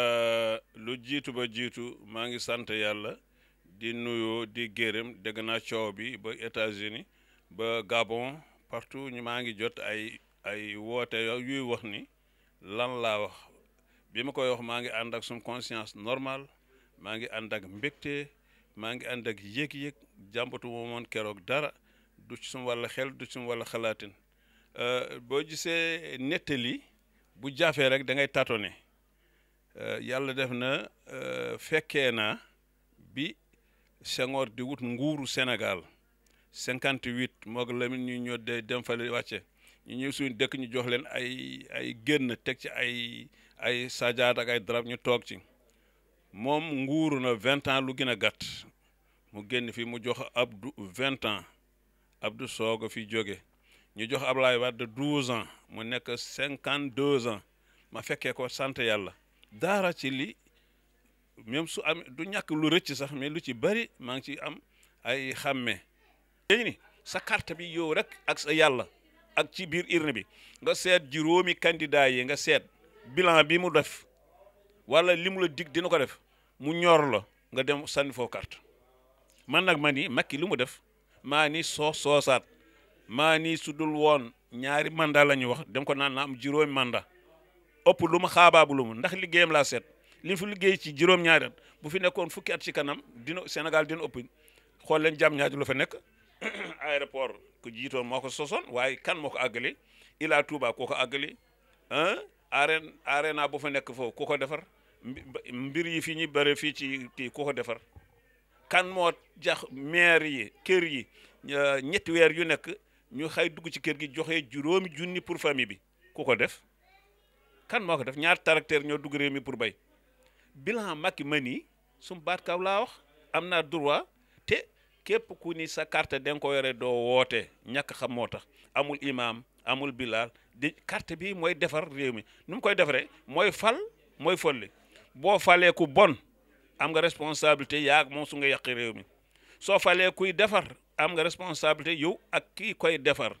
Euh, lu jiitu ba jiitu maa ngi sant yàlla di nuyoo di gërëm dégg naa bi ba États-Unis ba Gabon partout maa ngi jot ay ay woote yuy wax ni lan laa wax bi ma koy wax maa ngi ànd ak sum conscience normale maa ngi ànd ak mbégte maa ngi ànd ak yëg-yëg jàmbatu ma keroog dara du ci sum walla xel du sum walla xalaatin euh, boo gisee nettali bu jaafee rek dangay ngay Euh, yàlla def na euh, fekkee naa bi sengoor di wut nguuru Sénégal cinquante huit moog Lamine ñu ñoo de dem fale wàcce ñu ñëw suñu dëkk ñu jox leen ay ay génn teg ci ay ay sajaat ak ay drap ñu toog ci moom nguuru na vingt ans lu gën a gàtt mu génn fi mu jox Abdou vingt ans Abdou Soog fi jóge ñu jox Ablaye Wade douze ans mu nekk cinquante deux ans ma fekkee ko sant yàlla daara ci li même su am du ñàkk lu rëcc sax mais lu ci bari maa ngi ci am ay xàmme léegi ni sa carte bi yow rek ak sa yàlla ak ci biir urne bi nga seet juróomi candidat yi nga seet bilan bi mu def wala limu mu la dig dina ko def mu ñor la nga dem sànni foo carte man nag ma ni Macky li mu def maa ni soo soosaat maa ni su dul woon ñaari mandat la ñu wax dem ko naan naam am manda ëpp lu ma xaabaabu lu mu ndax liggéeyam laa seet li fu liggéey ci juróom-ñaari bu fi nekkoon fukki at ci kanam dina Sénégal dino ëpp xool leen jàmm ñaaju lu fa nekk aéroport ku jiitoon moo ko soson waaye kan moo ko àggali Ila Touba koo ko àggali ah arène arène bu fa nekk foofu ku ko defar mbir yi fi ñu bëre fii ci kii ku ko defar kan moo jax maire yi kër yi ñetti weer yu nekk ñu xay dugg ci kër gi joxe juróomi junni pour famille bi ku ko def kan moo ko def ñaar tracteur ñoo dugg réew mi pour bay bilan Macky ma nii sum baat kaw laa am naa droit te képp ku ni sa carte da ko yore doo woote ñàkk xam moo tax amul imam amul bilal di carte bi mooy defar réew mi mu koy defaree mooy fal mooy folli boo falee ku bon am nga responsabilité yaa moom su nga yàq réew soo falee kuy defar am nga responsabilité yow ak kii koy defar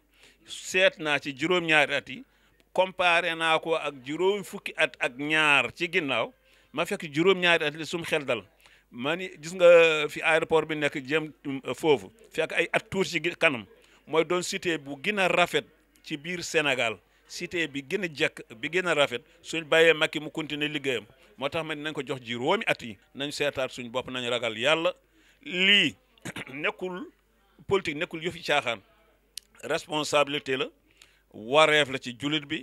seet naa ci juróom-ñaari at yi comparé naa ko ak juróom fukki at ak ñaar ci ginnaaw ma fekk juróom-ñaari at li sum xel dal ma ni gis nga fi aéroport bi nekk jëm um, foofu fekk ay at tuur ci kanam mooy doon cité bu gën a rafet ci biir Sénégal cité bi gën a jekk bi gën a rafet suñ bàyyee Macky mu continuer liggéeyam moo tax ma nañ ko jox juróomi at yi nañ seetaat suñ bopp nañ ragal yàlla lii nekkul politique nekkul yëfi caaxaan responsabilité la wareef la ci jullit bi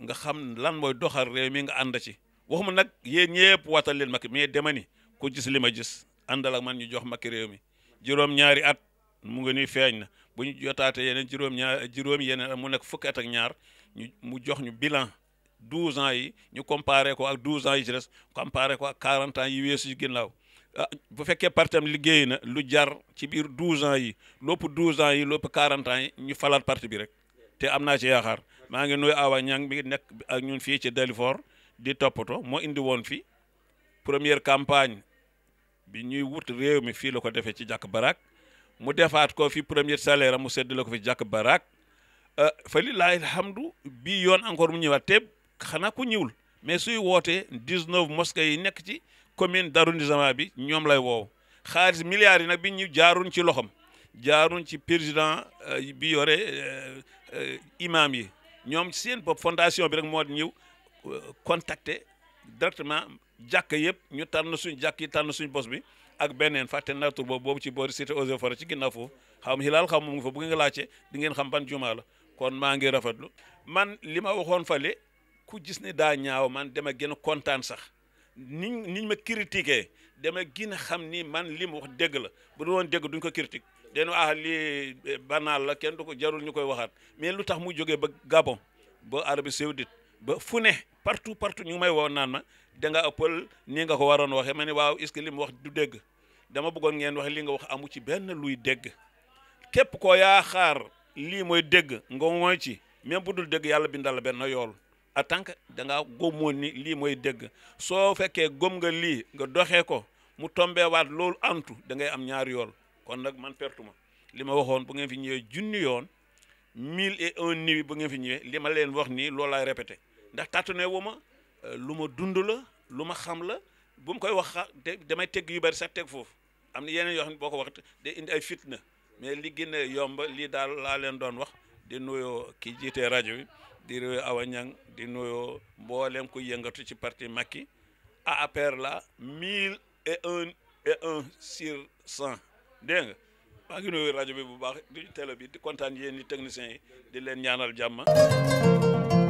nga xam lan mooy doxal réew mi nga ànd ci waxuma nag yéen ñëpp waatal leen Macky mais dema ni ku gis li ma gis àndal ak man ñu jox Macky réew mi juróom-ñaari at mu nga nuy feeñ na bu ñu jotaate yeneen juróom juróom yeneen mu nekk fukki at ñaar ñu mu jox ñu bilan douze ans yi ñu comparé ko ak douze ans yi ci des comparé ko ak quarante ans yi weesu ci ginnaaw ah, bu fekkee partam liggéey na lu jar ci biir douze ans yi lopp douze ans yi lopp quarante yi ñu falaat parti bi rek te am naa ci yaakaar maa ngi nuyu Awa Niang mi ngi nekk ak ñun fii ci Dalifort di toppatoo moo indi woon fi première campagne bi ñuy wut réew mi fii la ko defee ci jàkk barak mu defaat ko fi première salaire mu sedd la ko fi jàkk barak euh, fa lillahi alhamdu bi yoon encore mu ñëwaat te xanaa ku ñëwul mais suy wootee 19 mosquées yi nekk ci commune d'arrondissement bi ñoom lay woow xaalis milliards yi nag bi ñu jaaruñ ci loxom jaaruñ ci président euh, bi yore euh, Euh, imaam yi ñoom seen bopp fondation bi rek moo ñëw euh, contacter directement jàkka yëpp ñu tànn suñ jàkk yi tànn suñ bos bi ak beneen fàtte naa tur boobu ci boori cité eaux et forêts ci ginnaaw foofu xam hilaal xam mu ngi fa bu nga laajte di ngeen xam ban jumaa kon maa ngi rafetlu man li ma waxoon le ku gis ne daa ñaaw man dama gën a kontaan sax niñ niñ ma critiqué dama gën a xam ni man li mu wax dégg la bu dul woon dégg duñ ko critique denu a ah, lii eh, banaal la kenn du ko jarul ñu koy waxaat mais lu tax mu jógee ba Gabon ba Arabie Saoudite ba fu ne partout partout ñu may woo naan ma danga nga ëppal nii nga ko waroon waxee ma ne waaw est-ce que li mu wax du dégg dama bëggoon ngeen wax li nga wax amu ci benn luy dégg képp koo yaakaar lii moy dégg nga mooy ci même bu dul dégg yàlla bindal la benn yool en tant que da ngaa góomoon ni lii mooy dégg soo fekkee góom nga lii nga doxee ko mu tombeewaat loolu antu da ngay am ñaari yool kon nag man pertuma li ma waxoon bu ngeen fi ñëwee junni yoon mille et un nuit bu ngeen fi ñëwee li ma leen wax ni loolu laay répété ndax tàttune wu ma euh, lu ma dund la lu ma xam la bu koy wax damay teg yu bari sax teg foofu am na yeneen yoo boo ko wax day indi ay fitna mais li gën a lii daal laa leen doon wax di nuyoo ki jiite rajo bi di nuyoo Awa Niang di nuyoo mboolem ku yëngatu ci parti Macky APR la mille et un et un sur cent dégg nga maa rajo bi bu baax di télé bi di kontaan yéen ñi techniciens yi di leen ñaanal jàmm